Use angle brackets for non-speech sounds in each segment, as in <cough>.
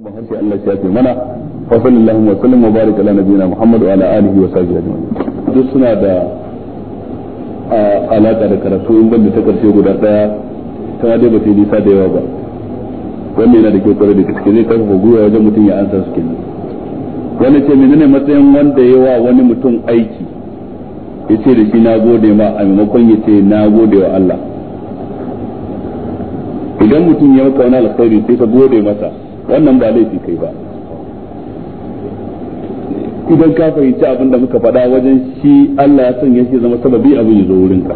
ban harshe Allah ya ce mana wa sallallahu wa sallam wa barik ala nabiyina Muhammad wa ala alihi wa sahbihi ajma'in duk suna da alaka da karatu in banda ta karshe guda daya ta dai ba sai nisa da yawa ba wannan yana da kyau kwarai da gaske zai karfafa gwiwa wajen mutum ya ansa su kenan wani ce menene matsayin wanda ya wa wani mutum aiki ya ce da shi na gode ma a maimakon ya ce na gode wa Allah idan mutum ya maka wani alkhairi sai ka gode masa wannan ba laifi kai ba idan ka fahimci abin da muka faɗa wajen shi Allah ya sanya shi zama sababi abin ya zo wurinka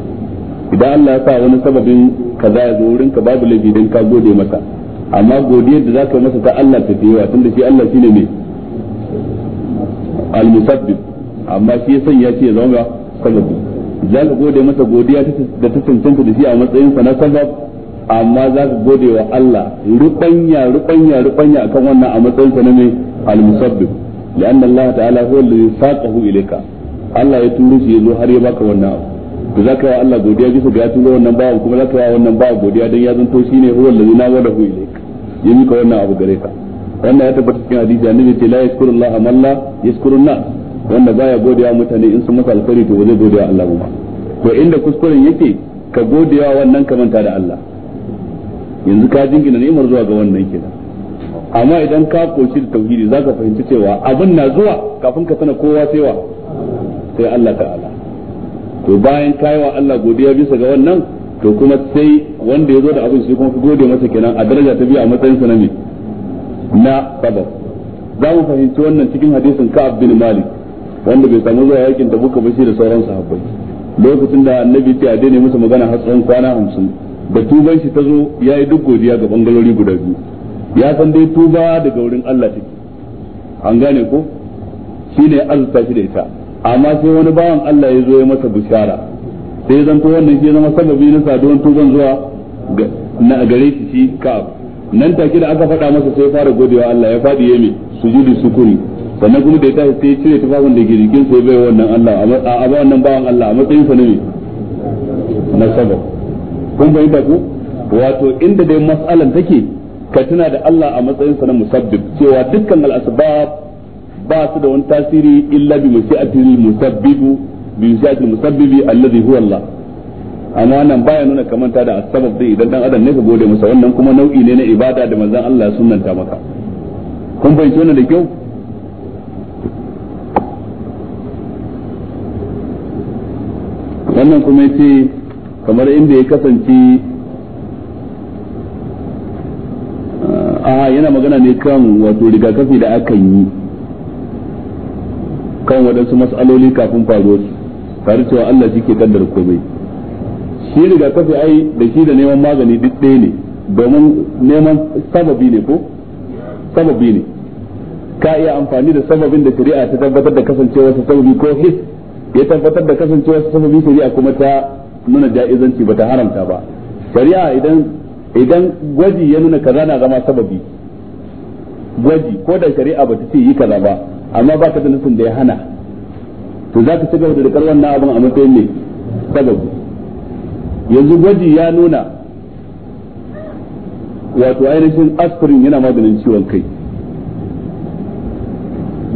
idan Allah ya sa wani sababin kaza ya zo wurinka babu laifi dan ka gode masa amma godiyar da zaka masa ta Allah ta fi yawa tunda shi Allah shine mai al-musabbib amma shi ya sanya shi ya zama sababi zaka gode masa godiya da ta cancanta da shi a matsayin sa na sababi amma za ka gode wa Allah rubanya rubanya rubanya akan wannan a matsayin ka na mai al-musabbib lian Allah ta'ala huwa alladhi saqahu ilayka Allah ya turo shi yazo har ya baka wannan abu to za ka yi wa Allah godiya bisa ga ya turo wannan bawa kuma za ka yi wa wannan bawa godiya dan ya zanto shine huwa alladhi nawadahu ilayka ya mika wannan abu gare ka wannan ya tabbata cikin hadisi annabi ce la yaskuru Allah amalla yaskuru na wanda baya godiya mutane in sun masa alkhairi to ba zai godiya Allah ba to inda kuskuren yake ka godiya wannan ka manta da Allah yanzu ka jingina ni'imar zuwa ga wannan kenan amma idan ka koshi da tauhidi zaka fahimci cewa abin na zuwa kafin ka sana kowa sai wa sai Allah ta'ala to bayan yi wa Allah godiya bisa ga wannan to kuma sai wanda ya zo da abin shi kuma ka gode masa kenan a daraja ta biyu a matsayin sa na me na sabab za mu fahimci wannan cikin hadisin Ka'ab bin Malik wanda bai samu zuwa yakin da buka bashi da sauran sahabbai lokacin da annabi ya daina musu magana har tsawon kwana hamsin. da tuban shi ta zo ya yi duk godiya ga bangalori guda biyu ya san dai tuba daga wurin Allah take an gane ko shi ne azurta shi da ita amma sai wani bawan Allah ya zo ya masa bishara sai zan to wannan shi zama sababi na saduwan tuban zuwa na gare shi shi ka nan take da aka faɗa masa sai fara godewa Allah ya faɗi yemi sujudi sukuri sannan kuma da ya tashi sai cire tufafin da ke jikin sai bai wannan Allah a ba wannan bawan Allah a matsayin sa ne na sababi kun fahimta ko wato inda dai mas'alan take ka tuna da Allah a matsayinsa na musabbib cewa dukkan al-asbab ba su da wani tasiri illa bi mashi'atil musabbib bi mashi'atil musabbibi alladhi huwa Allah amma nan baya nuna kamanta da asbab dai idan dan adam ne ka gode masa wannan kuma nau'i ne na ibada da manzon Allah sunnanta maka kun bai tona da kyau wannan kuma yace kamar inda ya kasance a ah, yana magana ne kan wato rigakafi da aka yi kan waɗansu mas'aloli kafin faruwar su tare cewa Allah shi ke kaddar komai shi rigakafi ai da shi da neman magani duk ɗaya ne domin neman sababi ne ko sababi ne ka iya amfani da sababin da shari'a ta tabbatar da kasancewa sababi ko ya tabbatar da kasancewa sababi shari'a kuma ta nuna jaizanci ba ta haramta ba shari'a idan idan gwaji ya nuna kaza na zama sababi gwaji ko da shari'a ba ta ce yi kaza ba amma ba ka da nufin da ya hana to za ka cigaba da rikar wannan abin a matsayin ne sababi yanzu gwaji ya nuna wato ainihin aspirin yana maganin ciwon kai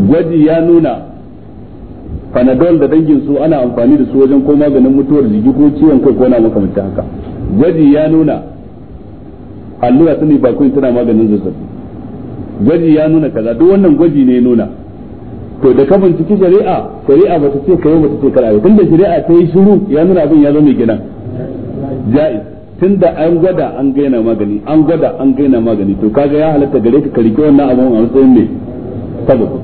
gwaji ya nuna panadol da dangin su ana amfani da su wajen ko maganin mutuwar jiki ko ciwon kai ko na makamancin haka gwaji ya nuna allura ta ne ba tana maganin zazzabi gwaji ya nuna kaza duk wannan gwaji ne nuna to da ka binciki shari'a shari'a bata ce kai bata ce kar'a tun da shari'a ta yi shiru ya nuna abin ya zama gina tun da an gwada an gaina magani an gwada an gaina magani to kaga ya halatta gare ka karike wannan abin a matsayin ne saboda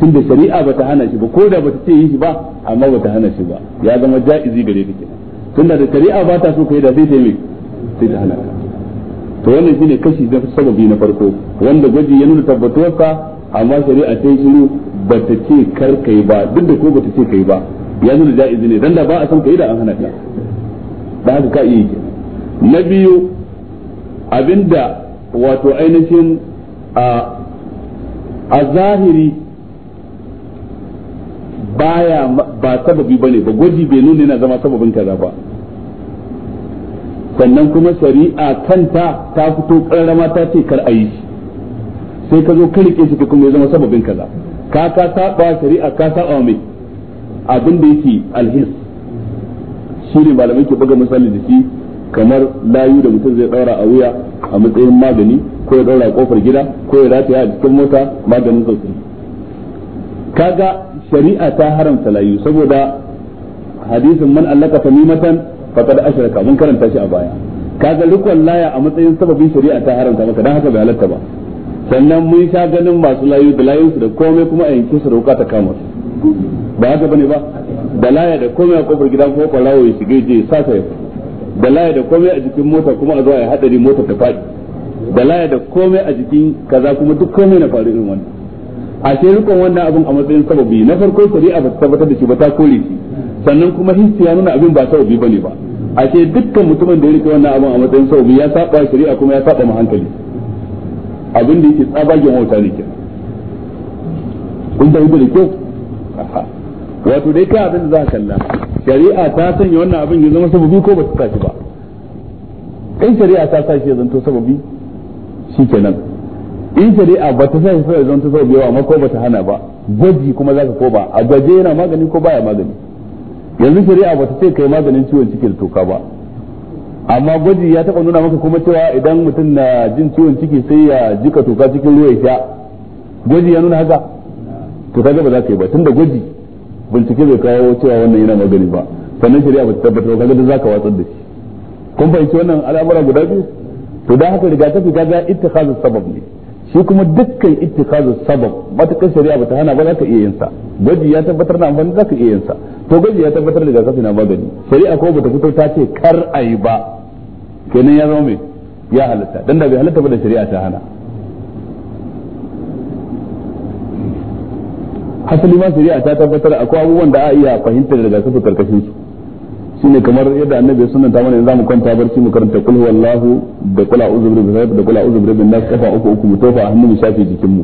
tunda shari'a bata hana shi ba ko da bata ce yi shi ba amma bata hana shi ba ya zama ja'izi gare ka kenan tunda da shari'a ba ta so kai da zai taimake sai ta hana ka to wannan shine kashi da sababi na farko wanda gwaji ya nuna tabbatuwarsa amma shari'a ta yi shiru bata ce kar kai ba duk da ko bata ce kai ba ya nuna ja'izi ne dan da ba a san kai da an hana ka da haka ka iya kenan na biyu abinda wato ainihin a zahiri baya ba sababi bane ba gwaji bai nuna yana zama sababin kaza ba sannan kuma shari'a kanta ta fito karama ta ce kar a yi shi sai ka zo ka rike shi kuma ya zama sababin kaza ka ka saba shari'a ka saba mai abin da yake alhis shi ne malamai ke buga misali da shi kamar layu da mutum zai daura a wuya a matsayin magani ko ya a kofar gida ko ya rataya a cikin mota maganin sosai kaga shari'a ta haramta layu saboda hadisin man allaka fa tamimatan faqad ashraka mun karanta shi a baya kaga rikon laya a matsayin sababin shari'a ta haramta maka dan haka bai halatta ba sannan mun sha ganin masu layu da layun su da komai kuma a yanke su da wuka ta kama su ba haka bane ba da laya da komai a kofar gidan ko kwalawo ya shige je sasa ya da laya da komai a jikin mota kuma a zo a hadari motar ta faɗi da laya da komai a jikin kaza kuma duk komai na faru irin wannan a sai rikon wannan abin a matsayin sababi na farko shari'a ba ta tabbatar da shi ba ta kore shi sannan kuma hissi ya nuna abin ba sababi bane ba a ce dukkan mutumin da ya rike wannan abin a matsayin sababi ya saba shari'a kuma ya saba mu hankali abin da yake tsabagen wauta ne kenan kun da da kyau wato dai kai abin da za ka kalla shari'a ta sanya wannan abin ya zama sababi ko ba ta sa ba kai shari'a ta sa shi ya zanto sababi shikenan in shari'a ba ta sai sai zan ta sau biyawa amma ko ba ta hana ba gwaji kuma zaka ko ba a gwaje yana magani ko baya magani yanzu shari'a ba ta ce kai maganin ciwon cikin toka ba amma gwaji ya taɓa nuna maka kuma cewa idan mutum na jin ciwon ciki sai ya jika toka cikin ruwa ya sha gwaji ya nuna haka to kaga ba za ka yi ba tunda gwaji bincike bai kawo cewa wannan yana magani ba sannan shari'a ba ta tabbatar kaga da zaka watsar da shi kun fahimci wannan al'amura guda biyu to dan haka rigakafi kaga ittikhazus sabab ne shi kuma dukkan ittikazu sabab matakan shari'a bata hana ba za ka iya yin sa gwaji ya tabbatar da amfani za ka iya yin sa to gwaji ya tabbatar da rigakafi na magani shari'a ko bata fito ta ce kar a yi ba kenan ya zama mai ya halatta dan da bai halatta ba da shari'a ta hana hasali ma shari'a ta tabbatar akwai abubuwan da a iya fahimtar da rigakafi karkashin su shine kamar yadda annabi ya sunanta mana yanzu mu kwanta barci mu karanta kul huwallahu da kul a'udhu bi rabbil da kul a'udhu bi rabbin nas kafa uku uku mu tofa hannu mu shafe jikin mu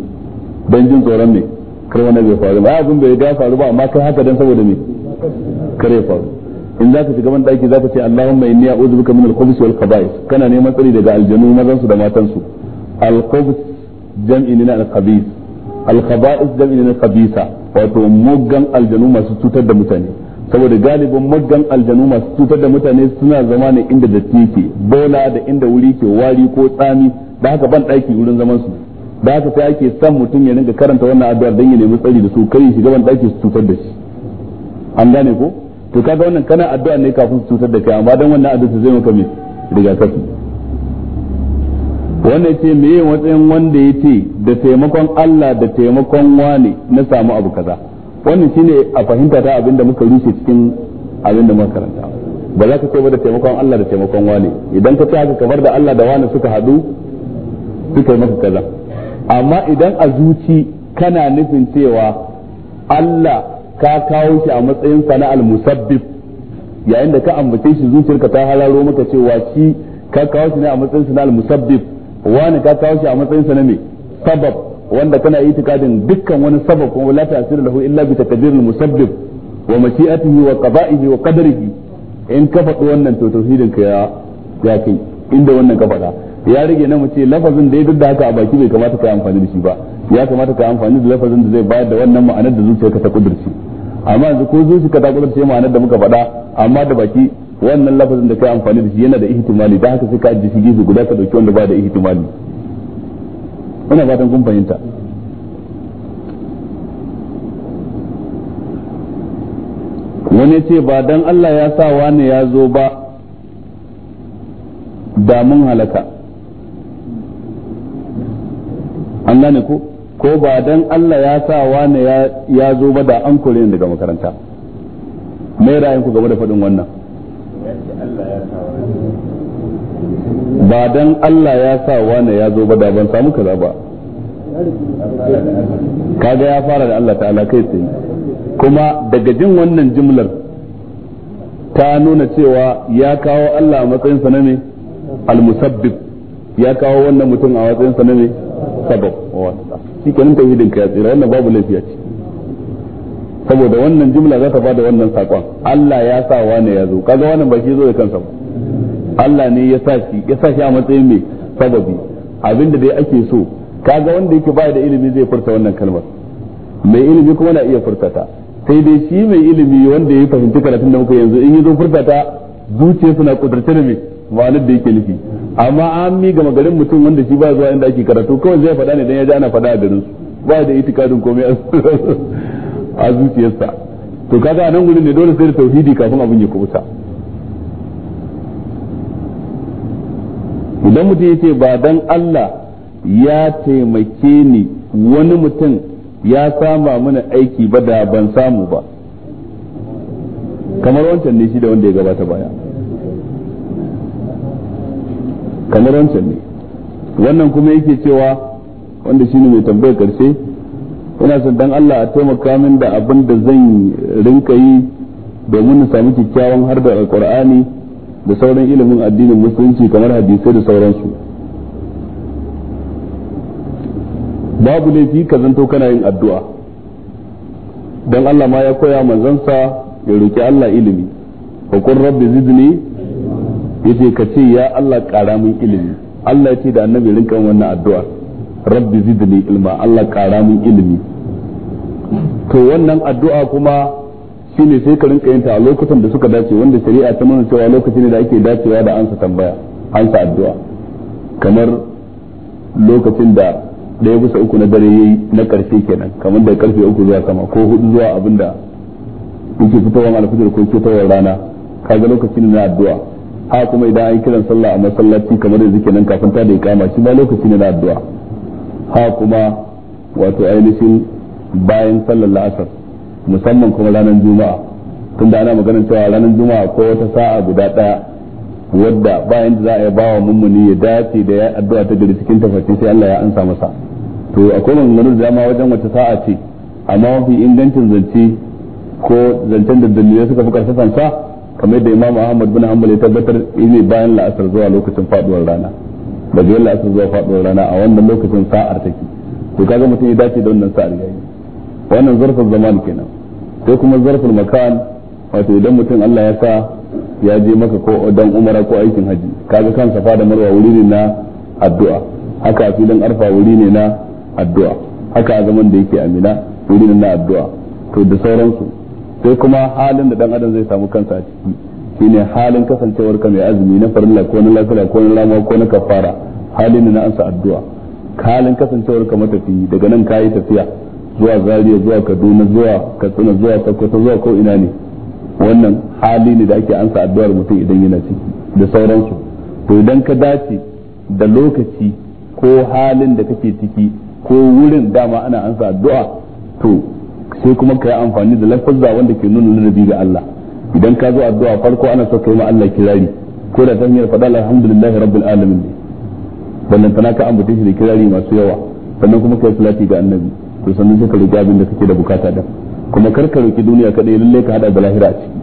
dan jin tsoron ne kar wani bai faru ba abin bai ga faru ba amma kai haka dan saboda me kare faru in za ka shiga ban daki za ka ce Allahumma inni a'udhu bika min al khubus wal khaba'is kana neman tsari daga aljanu mazan su da matan su al khubus jam'i ne na al-khabith al khabais jam'i ne na khabisa wato muggan aljanu masu cutar da mutane saboda galibin muggan aljanu masu cutar da mutane suna zama ne inda datti ke bola da inda wuri ke wari ko tsami da haka ban ɗaki wurin zaman su da haka sai ake san mutum ya rinka karanta wannan addu'ar dan ya nemi tsari da su kai shiga ban ɗaki su cutar da shi an gane ko to kaga wannan kana addu'a ne kafin su cutar da kai amma dan wannan addu'a zai maka mai rigakafi wannan ce yin matsayin wanda ya ce da taimakon Allah da taimakon wane na samu abu kaza wannan shine a fahimta ta abinda muka rushe cikin abinda muka karanta ba za ka ce da taimakon Allah da taimakon wani idan ka ce haka kamar da Allah da wani suka hadu suka yi maka kaza amma idan a zuci kana nufin cewa Allah ka kawo shi a matsayin sana'al musabbib yayin da ka ambace shi zuciyarka ta halaro maka cewa shi ka kawo shi ne a matsayin sana'al musabbib wani ka kawo shi a matsayin sa na me sabab wanda kana itikadin dukkan wani sabab kuma la ta'sir lahu illa bi taqdiril musabbib wa mashi'atihi wa qada'ihi wa qadarihi in ka faɗi wannan to tauhidin ka ya ya kai inda wannan ka faɗa ya rage na mu ce lafazin da ya duk da haka a baki bai kamata ka yi amfani da shi ba ya kamata ka yi amfani da lafazin da zai bayar da wannan ma'anar da zuciyarka ta kudurce amma yanzu ko zuciyarka ta kudurce ma'anar da muka faɗa amma da baki wannan lafazin da ka yi amfani da shi yana da ihtimali da haka sai ka ajiye shi gefe guda ka dauki wanda ba da ihtimali ina fatan kun fahimta wani ce ba dan Allah ya sa wani ya zo ba da mun halaka an gane ko ko ba dan Allah ya sa wani ya zo ba da an kore daga makaranta mai ra'ayin game da faɗin wannan ba dan Allah ya sa wane ya zo ba da ban samu kaza ba kaga ya fara da Allah ta'ala kai tsaye kuma daga jin wannan jimlar ta nuna cewa ya kawo Allah a matsayin sa ne al-musabbib ya kawo wannan mutum a matsayin sa ne sabab shi kenan tauhidin ka ya tsira wannan babu lafiya ce saboda wannan jimla za ta bada wannan sakon Allah ya sa wane ya zo kaga wannan ba shi zo da kansa ba Allah ne ya sa shi ya sa shi a matsayin mai sababi abinda dai ake so kaga wanda yake baya da ilimi zai furta wannan kalmar mai ilimi kuma na iya furtata sai dai shi mai ilimi wanda ya fahimci karatun da muka yanzu in yi zo furtata zuciya suna kudurce da mai ma'anar da yake nufi amma an mi gama garin mutum wanda shi ba zuwa inda ake karatu kawai zai faɗa ne dan ya ji ana faɗa a garin su ba da itikadin komai a <laughs> zuciyarsa to kaga nan gudun ne dole sai da tauhidi kafin abin ya kubuta idan mutum ya ce ba dan Allah ya taimake ni wani mutum ya sama mana aiki ba da ban samu ba kamar wancan ne shi da wanda ya gabata baya kamar wancan ne wannan kuma yake cewa wanda shi ne mai tambayar karshe ina son dan Allah a taimaka min da abin da zan rinka yi domin na sami kyakkyawan har da alkur'ani da sauran ilimin addinin musulunci kamar hadisai da sauransu babu laifi ka zanto kana yin addu'a don Allah ma ya koya manzansa ya roki Allah ilimi hukun rabbi zidni yace ka ce ya Allah ƙara min ilimi Allah ya ce da annabi rinka wannan addu'a rabbi zidni ilma Allah ƙara min ilimi to wannan addu'a kuma ne sai ka rinka yin ta a lokutan da suka dace wanda shari'a ta nuna cewa lokaci ne da ake dacewa da ansa tambaya ansa addu'a kamar lokacin da ɗaya bisa uku na dare yayi na ƙarshe kenan kamar da ƙarfe uku zuwa sama ko hudu zuwa abin da yake fitowar alfajir ko fitowar rana kaga lokacin na addu'a ha kuma idan an kiran sallah a masallaci kamar yanzu kenan kafin ta da ikama shi ba lokaci ne na addu'a ha kuma wato ainihin bayan sallar la'asar musamman kuma ranar juma'a tun da ana maganar cewa ranar juma'a ko wata sa'a guda daya wadda bayan da za a yi bawa mummuni ya dace da ya addu'a ta gari cikin tafarki sai Allah ya ansa masa to akwai maganganun da dama wajen wata sa'a ce amma mafi ingancin zance ko zancen da dalilai suka fi karfi sansa kamar yadda Imam Ahmad bin Hanbal ya tabbatar ne bayan la'asar zuwa lokacin faduwar rana da yin la'asar zuwa faduwar rana a wannan lokacin sa'ar take to kaga mutum ya dace da wannan sa'ar yayi wannan zarfin zaman kenan sai kuma zarfin makan wato idan mutum Allah ya sa ya je maka ko dan umara ko aikin haji kaga kansa da marwa wuri ne na addu'a haka a dan arfa wuri ne na addu'a haka zaman da yake amina wuri ne na addu'a to da sauransu sai kuma halin da dan adam zai samu kansa a ciki shine halin kasancewar ka mai azumi na farilla ko na lafiya ko na rama ko na kafara halin na ansa addu'a halin kasancewar ka matafi daga nan kayi tafiya zuwa zariya zuwa Kaduna zuwa Katsina zuwa Sokoto zuwa ko ina ne wannan hali ne da ake ansa addu'ar mutum idan yana ciki da sauransu to idan ka dace da lokaci ko halin da kake ciki ko wurin dama ana ansa addu'a to sai kuma ka yi amfani da lafazza wanda ke nuna ladabi ga Allah idan ka zo addu'a farko ana so kai ma Allah kirari ko da ta hanyar faɗa alhamdulillahi rabbil alamin ne ballan tana ka ambata shi da kirari masu yawa sannan kuma kai salati ga annabi to sannan sai ka abin da kake da bukata da kuma kar ka roki duniya kadai lalle ka hada da lahira a ciki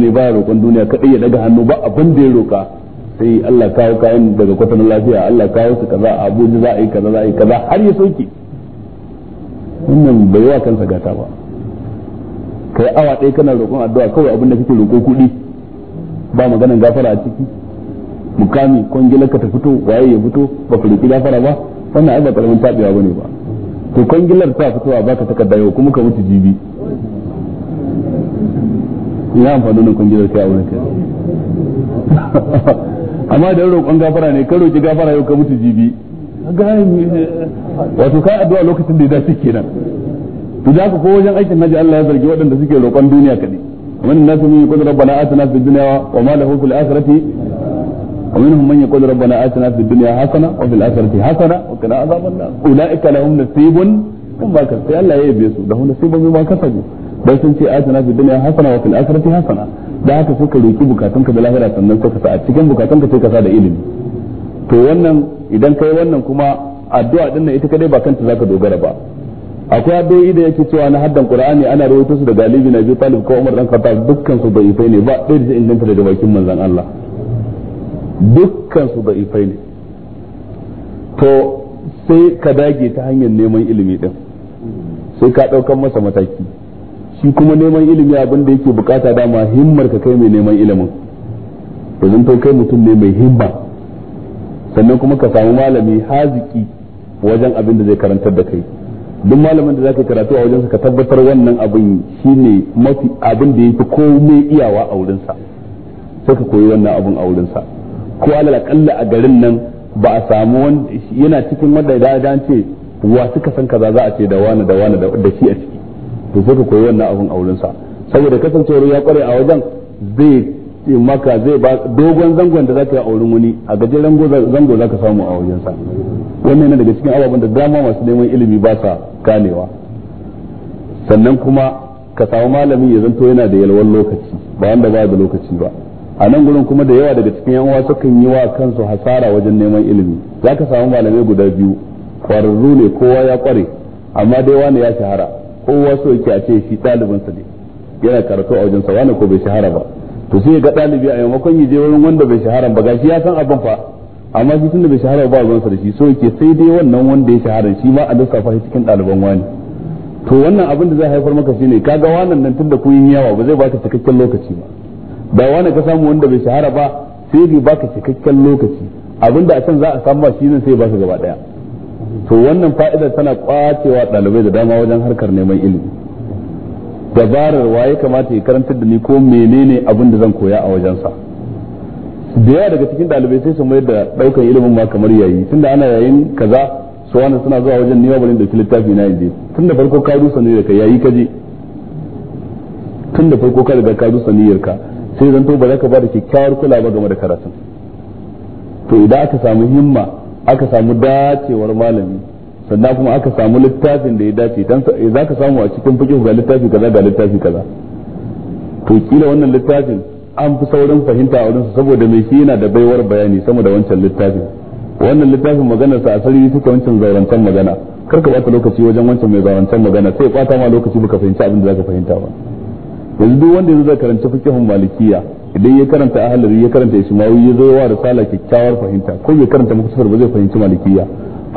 ne ba roƙon duniya kadai ya daga hannu ba abin da ya roka sai Allah kawo kayan daga kwatanin lafiya Allah kawo su kaza a Abuja za a yi kaza za a yi kaza har ya soke wannan bai wa kansa gata ba kai awa ɗaya kana roƙon addu'a kawai abin da kake roƙo kuɗi ba maganan gafara a ciki mukami kwangilar ka ta fito waye ya fito ba ka roƙi gafara ba wannan ai ba karamin tabewa bane ba to kwangilar ta fitowa baka takarda yau kuma ka mutu jibi ina amfani da kwangilar ta wani kai <laughs> amma da roƙon gafara ne ka roƙi gafara yau ka mutu jibi wato ka addu'a lokacin da ya dace kenan to da ka ko wajen aikin naji Allah ya zargi waɗanda suke roƙon duniya kaɗai ومن الناس من rabbana atina fid dunya wa ma lahu fil akhirati ومنهم من يقول ربنا آتنا في الدنيا حسنة وفي الآخرة حسنة وقنا عذاب النار أولئك لهم نصيب مما كسبوا sai Allah ya yabe su da nasibu mimma kasabu dan sun ce atina fi dunya hasana wa fil akhirati da haka suka roki bukatunka da lahira sannan suka sa a cikin bukatunka sai ka sa da ilimi to wannan idan kai wannan kuma addu'a din nan ita kadai ba kanta zaka dogara ba akwai addu'o'i da yake cewa na haddan qur'ani ana rawaito su daga Ali na Abi Talib ko Umar dan Khattab dukkan su bai ne ba ɗaya da inganta daga bakin manzon Allah dukkan su da'ifai ne to sai ka dage ta hanyar neman ilimi din sai ka ɗaukan masa mataki shi kuma neman ilimi abin da yake bukata dama himmar ka kai mai neman ilimin to zan to kai mutum ne mai himma sannan kuma ka samu malami haziki wajen abin da zai karantar da kai duk malamin da zaka karatu a wajensa ka tabbatar wannan abin shine mafi abin da yafi komai iyawa a wurinsa sai ka koyi wannan abin a wurinsa ko alal kalla a garin nan ba a samu yana cikin wanda da dan wa suka san kaza za a ce da wani da wani da shi a ciki to sai ka koyi wannan abun wurin sa saboda kasancewar ya kware a wajen zai maka zai ba dogon zangon da zaka yi wurin wani a gajeren zango zaka samu a wajen sa wannan yana daga cikin ababen da dama masu neman ilimi ba sa ganewa sannan kuma ka samu malami ya zanto yana da yalwar lokaci ba wanda ba da lokaci ba a nan gurin kuma da yawa daga cikin yan uwa sukan yi wa kansu hasara wajen neman ilimi za ka samu malamai guda biyu kwararru ne kowa ya kware amma dai wani ya shahara kowa so yake a ce shi ɗalibinsa ne yana karatu a wajensa wani ko bai shahara ba to sai ga ɗalibi a maimakon yi je wurin wanda bai shahara ba gashi ya san abin fa amma shi tunda bai shahara ba ruwansa da shi so yake sai dai wannan wanda ya shahara shi ma a lissafa shi cikin ɗaliban wani to wannan abin da zai haifar maka shine kaga wannan nan tunda kun yi yawa ba zai baka cikakken lokaci ba da wani ka samu wanda bai shahara ba sai bai baka cikakken lokaci abinda a can za a samu ba shi ne sai baka gaba daya to wannan fa'ida tana kwacewa dalibai da dama wajen harkar neman ilimi dabarar waye kamata ya karantar da ni ko menene abin da zan koya a wajensa da yawa daga cikin dalibai sai su mayar da daukan ilimin ma kamar yayi tunda ana yayin kaza su wani suna zuwa wajen nema bari da littafi na inje tun da farko ka rusa niyyar ka yayi ka tun da farko ka riga ka rusa niyyar ka sai to ba za ka ba da kyakkyawar kulawa game da karatun to idan aka samu himma aka samu dacewar malami sannan kuma aka samu littafin da ya dace dan eh, za ka samu a cikin fiqh ga littafi kaza ga littafi kaza to kila wannan littafin an fi saurin fahimta a wurinsa saboda mai shi yana da baiwar bayani sama da wancan littafin wannan littafin magana sa asali take wancan zaurantan magana karka ka bata lokaci wajen wancan mai zaurantan magana sai ya bata ma lokaci baka fahimci abin da zaka fahimta ba yanzu duk wanda zai karanta fikihun malikiya idan ya karanta ahlari ya karanta ismawi ya zo wa risala kyakkyawar fahimta ko ya karanta mukhtasar ba zai fahimci malikiya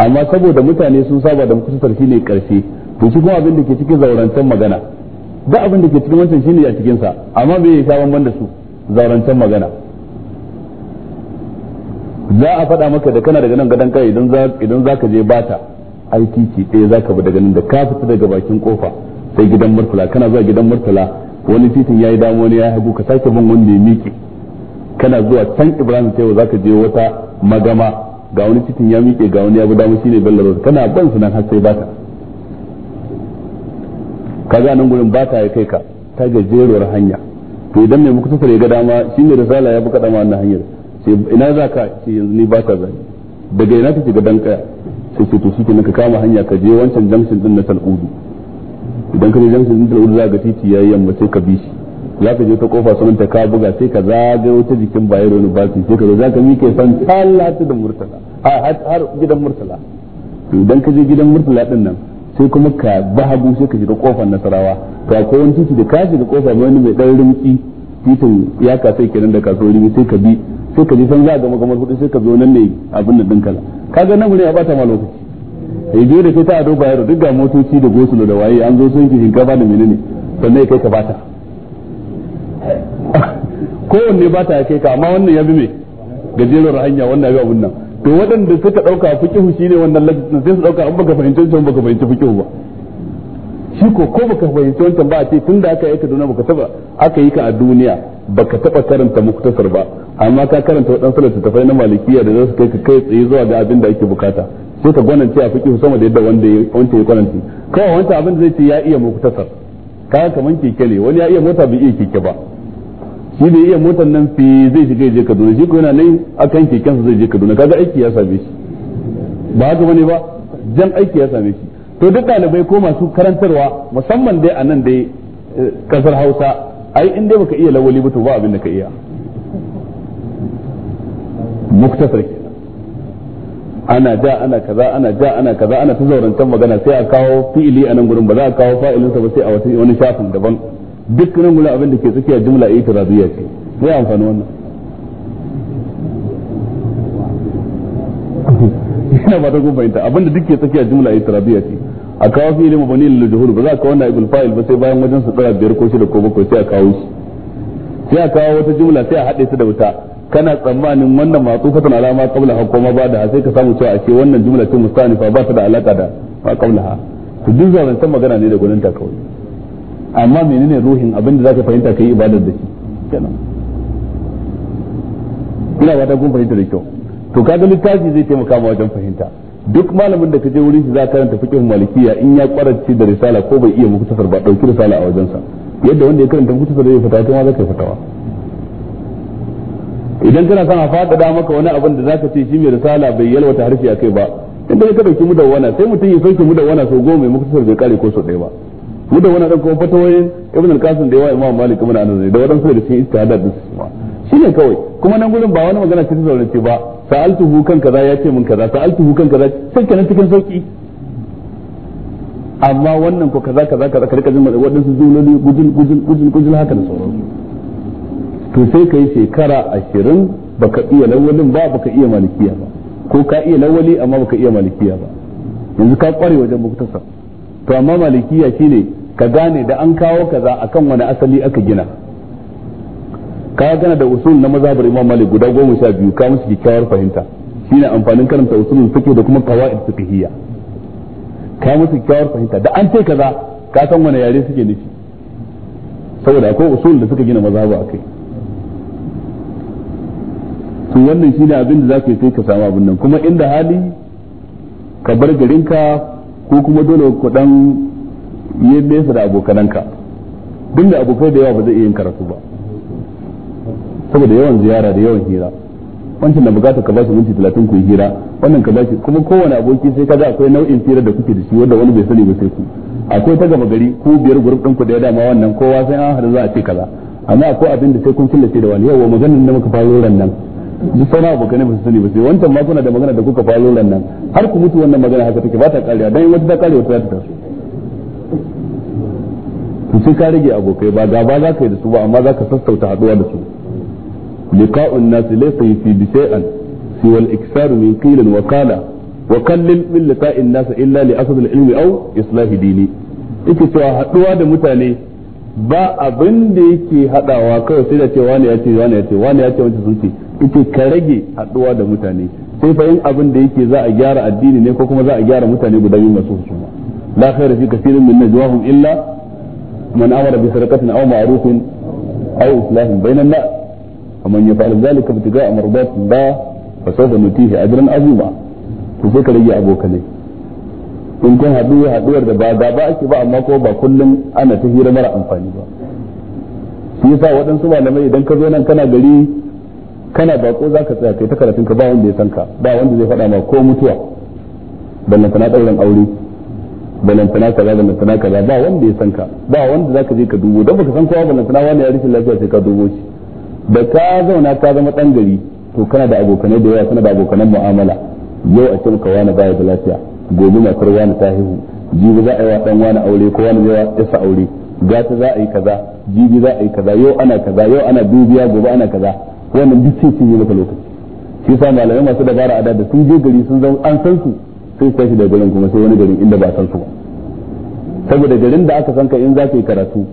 amma saboda mutane sun saba da mukhtasar shine karshe to shi kuma abin da ke cikin zaurantan magana da abin da ke cikin wancan shine a cikin sa amma bai yi sabon banda su zaurantan magana za a faɗa maka da kana daga nan gadon kai idan za idan zaka je bata ITC ɗaya zaka bi daga nan da ka fita daga bakin kofa sai gidan murtala kana zuwa gidan murtala wani titin yayi damo wani ya hagu ka sake bin wanda ya miƙe kana zuwa can Ibrahim wa zaka je wata magama ga wani titin ya miƙe ga wani ya bi damo shine Bello Road kana ban su nan har sai bata ga nan gurin bata ya kai ka ta gajeruwar hanya to idan mai muku ya ga dama shine risala ya buka dama wannan hanyar sai ina za ka ce yanzu ni bata zai daga ina kake ga dan kaya sai ce to shike ka kama hanya ka je wancan junction din na Sal'udu idan ka je jan sun da wurin za ga titi yayi yamma sai ka bi shi za ka je ta kofa sanan ta ka buga sai ka zaga wata jikin bayan ne ba sai ka zo za ka mike san talata da murtala har gidan murtala idan ka je gidan murtala din nan sai kuma ka bahagu sai ka shiga kofar nasarawa to akwai wani titi da ka shiga kofa mai wani mai dan rinci titin ya ka sai kenan da kasuwar rimi sai ka bi sai ka ji san za gama magamar hudu sai ka zo nan ne abin da dinkala kaza kaga nan ne a bata ma lokaci Eh, sai biyu da kai ta ado bayar duk ga motoci da gosulo da waye an zo sun ki shinkafa da menene sannan kai ka bata <laughs> kowanne bata ya kai ka amma wannan ya bi me gajerar hanya wannan ya bi abun nan to waɗanda suka ɗauka fikihu shine wannan lafazin sai su ɗauka an baka fahimci wancan baka fahimci fikihu ba shi ko ko baka fahimci wancan ba a ce tunda aka yi ka duniya baka taba aka yi ka a duniya baka taba karanta muktasar ba amma ka karanta waɗansu tafai na malikiya da za su kai ka kai tsaye zuwa ga abin da ake bukata sai ka gwanance a fiqh sama da yadda wanda ya wanda ya gwanance kawai wancan abin da zai ce ya iya muktasar kaga kaman keke ne wani ya iya mota bai iya keke ba shi ne iya motar nan fi zai shiga je Kaduna shi ko yana nan akan kekensa zai je Kaduna kaga aiki ya same shi ba haka bane ba jan aiki ya same shi to duk ɗalibai ko masu karantarwa musamman dai a nan dai kasar eh, Hausa ai in dai baka iya lawali ba to ba abin da ka iya muktasar ke ana ja ana kaza ana ja ana kaza ana ta zaurantar magana sai a kawo fi'ili a nan gurin ba za a kawo fa'ilinsa ba sai a wata wani shafin daban duk nan gurin abin da ke tsakiya jumla ita radiyya ce sai amfani wannan <laughs> ina ba ta kun fahimta abinda duk ke tsakiya jumla ita radiyya ce a kawo fi'ili bani lil juhur ba za a kawo na ibul fa'il ba sai bayan wajen su tsara biyar ko shida ko bakwai sai a kawo shi sai a kawo wata jumla sai a haɗe su da wuta kana tsammanin wannan fatan alama qabla ha koma ba da sai ka samu cewa ake wannan jumla ce fa ba ta da alaka da ma qabla ha to duk zarantan magana ne da gurin ta kawai amma menene ruhin abin da zaka fahimta kai ibadar da shi kenan ina ba ta kun fahimta da kyau to ga littafi zai taimaka ma wajen fahimta duk malamin da ka je wurin shi za ka karanta fiqh malikiya in ya kwarace da risala ko bai iya muktasar ba dauki risala a wajensa yadda wanda ya karanta muktasar zai fata kuma ma zaka fatawa idan kana son a faɗaɗa maka wani abin da zaka ce shi mai risala bai yalwata harshe kai ba in dai ka dauki wana sai mutum ya sauke wana sau goma mai muktasar bai kare ko sau ɗaya ba wana ɗan kuma fatawoyin ibn al-qasim da yawa imam malik kuma anan ne da waɗansu da cikin istihadat da su ma shine kawai kuma nan gurin ba wani magana ce ta ce ba sa'altuhu kan kaza ya ce min kaza sa'altuhu kan kaza sai kenan cikin sauki amma wannan ko kaza kaza kaza ka rika jin wadansu zuloli gujin gujin gujin gujin haka da sauransu to sai ka yi shekara ashirin baka iya lawalin ba baka iya malikiya ba ko ka iya lawali amma baka iya malikiya ba yanzu ka kware wajen muktasar to amma malikiya shine ka gane da an kawo kaza akan wani asali aka gina ka gana da usul na mazhabar imam malik guda goma sha biyu ka musu kyakkyawar fahimta shine amfanin karanta usulun fiqh da kuma qawaid fiqhiyya ka musu kyakkyawar fahimta da an ce kaza ka san wani yare suke nufi saboda akwai usul da suka gina mazhabu akai to wannan shi ne abin da ka yi sai ka samu abin nan kuma inda hali ka bar garinka ko kuma dole ku dan yi nesa da abokananka duk da abokai da yawa ba zai iya yin karatu ba saboda yawan ziyara da yawan hira wancan na bukata ka bashi minti talatin ku yi hira wannan ka bashi kuma kowane aboki sai ga akwai nau'in hira da kuke da shi wanda wani bai sani ba sai ku akwai ta gaba gari ko biyar gurup ɗin ku da ya dama wannan kowa sai an hada za a ce kaza amma akwai abin da sai kun killace da wani yawa maganin da muka fara ran nan duk sauran ne ba su sani ba sai wancan ma kuna da magana da kuka falo ran nan har ku mutu wannan magana haka take ba ta kariya dan wata ta kare wata za ta taso to sai ka rage abokai ba ba za ka yi da su ba amma za ka sassauta haduwa da su liqa'un nas laysa yufi bi shay'an siwa al-iksar min qilan wa qala wa qallil min liqa'in nas illa li asad al-ilmi aw islah dini yake cewa haduwa da mutane ba abin da yake hadawa kawai sai da ce wani ya ce wani ya ce wani ya ce wancan sun ce yace ka rage haduwa da mutane sai fa abin da yake za a gyara addini ne ko kuma za a gyara mutane guda biyu masu husuma la khayra fi kathirin min najwahum illa man amara bi sadaqatin aw ma'rufin aw islahin bainan nas faman yaf'al dhalika ibtigaa mardati Allah fa sawfa nutihi ajran azima to sai ka rage abokanai in kun haɗu haɗuwar da ba gaba ake ba amma ko ba kullum ana ta hira mara amfani ba shi yasa waɗansu malamai idan ka zo nan kana gari kana bako ka tsaya kai ta karatun ka ba wanda ya san ka ba wanda zai faɗa ma ko mutuwa ballantana ɗaurin aure ballantana kaza ballantana kaza ba wanda ya san ka ba wanda za ka je ka dubo dan baka san kowa ballantana wani ya rashin lafiya sai ka dubo shi da ka zauna ka zama ɗan gari to kana da abokanai da yawa kana da abokanan mu'amala yau a cikin kawana baya da lafiya gobe matar wani ta haihu jibi za a yi wa dan wani aure ko wani zai wa isa aure gata za a yi kaza jibi za a yi kaza yau ana kaza yau ana dubiya gobe ana kaza wannan duk sun yi maka lokaci shi sa malamai masu dabara a da sun je gari sun zama an san su sai su tashi da garin kuma sai wani garin inda ba a san su ba saboda garin da aka san ka in za ka yi karatu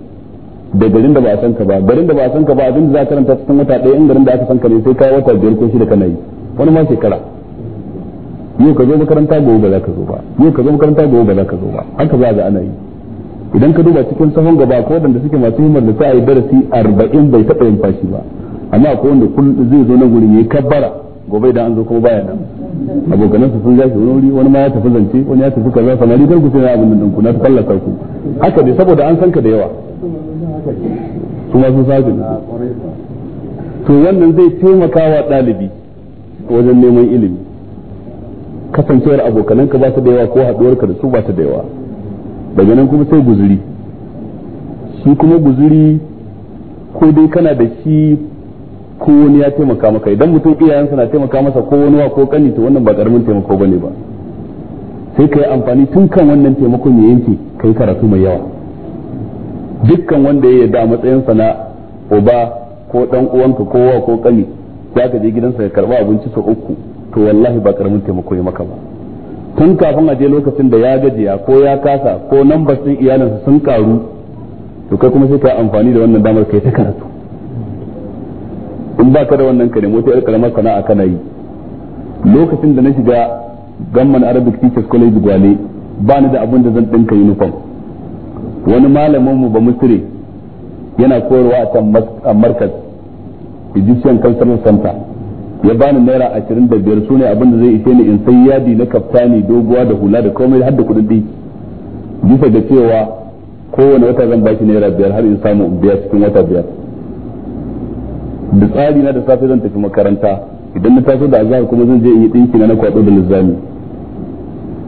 da garin da ba a san ka ba garin da ba a san ka ba abin da za ka karanta cikin wata ɗaya in garin da aka san ka ne sai ka wata biyar ko shida kana yi wani ma shekara yau ka zo makaranta gobe ba za ka zo ba yau ka zo makaranta gobe ba za ka zo ba haka za ga ana yi idan ka duba cikin sahun gaba ko wadanda suke masu himmar da sa a yi darasi arba'in bai taɓa yin fashi ba amma ko wanda zai zo na ya yi kabbara gobe idan an zo kuma baya nan abokanansu sun gashi wani wuri wani ma ya tafi zance wani ya tafi kaza samari kar ku sai na abin nan ku na fallaka ku haka dai saboda an san ka da yawa su ma sun sabi to wannan zai taimaka wa ɗalibi wajen neman ilimi kasancewar abokananka ba ta da yawa ko ka da su ba ta da yawa daga nan kuma sai guzuri shi kuma guzuri ko dai kana da shi ko wani ya taimaka maka idan mutum iyayensa na taimaka masa ko wani wa ko kani to wannan ba karamin taimako bane ba sai kai amfani tun kan wannan taimakon ya yanke kai karatu mai yawa dukkan wanda ya yarda a matsayinsa na uba ko dan uwanka ko wa ko kani ya ka je gidansa ya karba abinci sa uku to wallahi ba karamin taimako ya maka ba tun kafin a je lokacin da ya gajiya ko ya kasa ko nan sun iyalinsa sun karu to kai kuma sai ka amfani da wannan damar kai ta karatu in ba ka da wannan ka nemo wata yar karamar sana'a kana yi lokacin da na shiga gamman arabic teachers college gwale ba ni da abin da zan dinka uniform wani malamin mu ba musire yana koyarwa a can markaz egyptian cultural center ya bani naira ashirin da biyar su ne abin da zai ishe ni in sai yadi na kaftani doguwa da hula da komai har da kudin ɗi bisa da cewa kowane wata zan shi naira biyar har in samu in biya cikin wata biyar da tsari na da safe zan tafi makaranta idan na taso da azhar kuma zan je in yi dinki na na kwado da lizami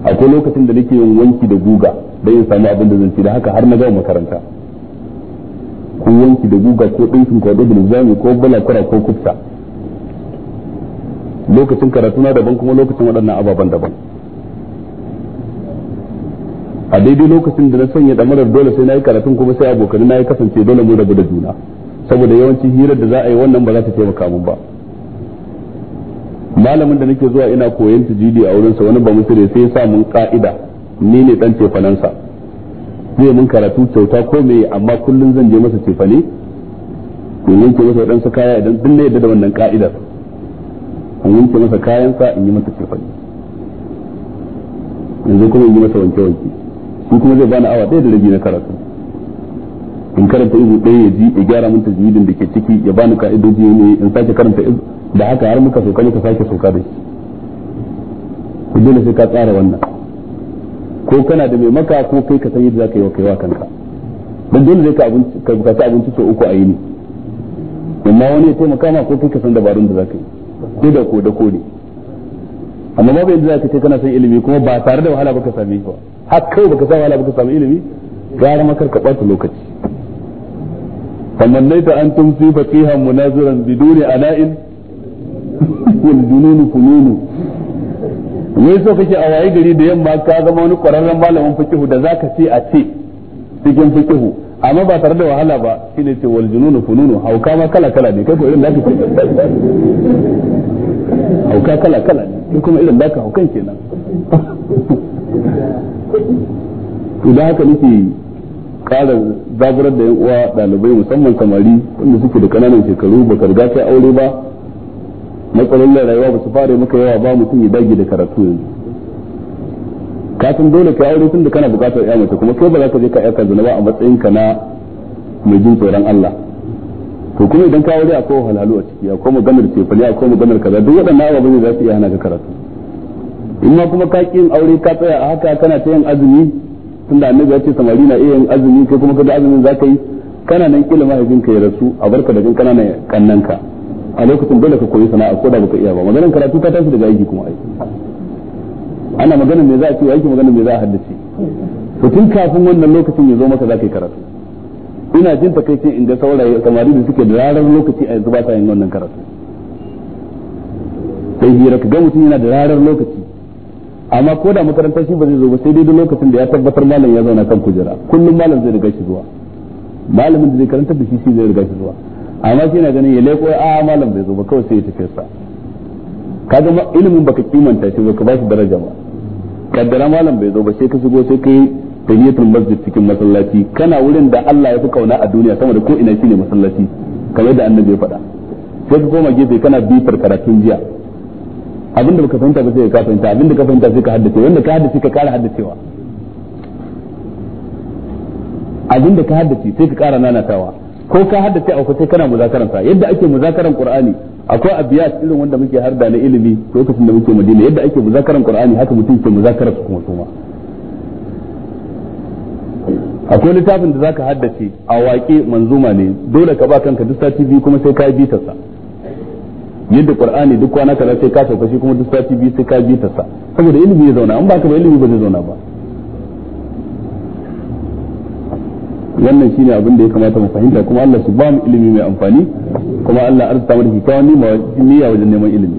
akwai lokacin da nake yin wanki da guga dan in samu abin da zan ci da haka har na ga makaranta ko wanki da guga ko dinkin kwado da lizami ko kura ko kufta lokacin karatu na daban kuma lokacin waɗannan ababen daban a daidai lokacin da na sanya damarar dole sai na yi karatun kuma sai abokan na ya kasance dole mu rabu da juna saboda yawancin hirar da za a yi wannan ba za ta taimaka mun ba malamin da nake zuwa ina koyon tijidi a wurinsa wani ba musire sai ya sa mun ka'ida ni ne dan cefanansa zai mun karatu kyauta ko me amma kullun zan je masa cefane in yanke masa wadansu kaya idan duk ne yadda da wannan ka'idar in yanke masa kayansa in yi masa cefane yanzu kuma in yi masa wanke-wanke shi kuma zai bani awa ɗaya da rabi na karatu in karanta izu ɗaya ya ji ya gyara min tajwidin da ke ciki ya bani ka'idoji ne in sake karanta izu da haka har muka sauka ne ka sake sauka dai ku dole sai ka tsara wannan ko kana da mai maka ko kai ka san yadda zaka yi wa kaiwa kanka dan dole sai ka abinci ka bukata abinci sau uku a ne amma wani ya taimaka ma ko kai ka san dabarun da zaka yi ko da ko da ko ne amma ba yadda zaka ce kana san ilimi kuma ba tare da wahala baka same shi ba har kai baka san wahala baka sami ilimi gara makar ka ɓata lokaci تمنيت أن تصيب فيها مناظرا بدون عناء <laughs> والجنون فنون me so kake a waye gari da yamma ka zama wani kwararren malamin fikihu da zaka ce a ce cikin fikihu amma ba tare da wahala ba shine ce wal jununu fununu hauka ma kala kala ne kai ko irin da kake hauka kala kala ne kuma irin da ka haukan kenan to da haka nake ƙara zaburar da yan uwa dalibai musamman kamari wanda suke da ƙananan shekaru ba ka riga kai aure ba matsalolin rayuwa ba su fara maka yawa ba mutum ya dage da karatu yanzu kafin dole ka aure da kana buƙatar ya mace kuma ko ba za ka je ka aika zina ba a matsayin ka na mai jin tsoron Allah to kuma idan ka aure akwai halalu a ciki akwai maganar tefali akwai maganar kaza duk waɗannan ne za su iya hana ka karatu in ma kuma ka ƙin aure ka tsaya a haka kana ta yin azumi tunda annabi ya ce samari na iya yin azumi kai kuma kaga azumin ka yi kana nan kila ka ya rasu a barka da jin kannan ka a lokacin dole ka koyi sana'a ko da baka iya ba maganar karatu ka tashi daga aiki kuma ai ana maganar me za a ce aiki maganar me za a haddace to tun kafin wannan lokacin ya zo maka za ka yi karatu ina jin takaici in ga saurayi samari da suke da rarar lokaci a yanzu ba sa yin wannan karatu sai hira ka ga mutum yana da rarar lokaci amma ko da makaranta shi ba zai zo ba sai dai duk lokacin da ya tabbatar malam ya zauna kan kujera kullum malam zai riga shi zuwa malamin da zai karanta da shi shi zai riga shi zuwa amma shi na ganin ya leko a malam bai zo ba kawai sai ya tafi sa kaga ilimin baka kimanta shi ba ka bashi daraja ba kaddara malam bai zo ba sai ka shigo sai kai tahiyatul masjid cikin masallaci kana wurin da Allah ya fi kauna a duniya sama da ko ina shine masallaci kamar da annabi ya faɗa sai ka koma gefe kana bitar karatun jiya abinda baka fahimta ba sai ka fahimta abinda ka fahimta sai ka haddace wanda ka haddace ka kara haddacewa abinda ka haddace sai ka kara nanatawa ko ka haddace akwai sai kana muzakaran sa yadda ake muzakaran qur'ani akwai abiyat irin wanda muke harda na ilimi lokacin da muke madina yadda ake muzakaran qur'ani haka mutum ke muzakarar su kuma suma akwai littafin da zaka haddace a waƙe manzuma ne dole ka ba kanka duk sati biyu kuma sai ka bi ta sa yadda qur'ani duk kwana kaza sai ka sauka shi kuma duk sati biyu sai ka bi ta sa saboda ilimi ya zauna an ba ka ba ilimi ba zai zauna ba wannan shine abin da ya kamata mu fahimta kuma Allah su ba mu ilimi mai amfani kuma Allah arzuta mu da kyakkyawan niyya wajen neman ilimi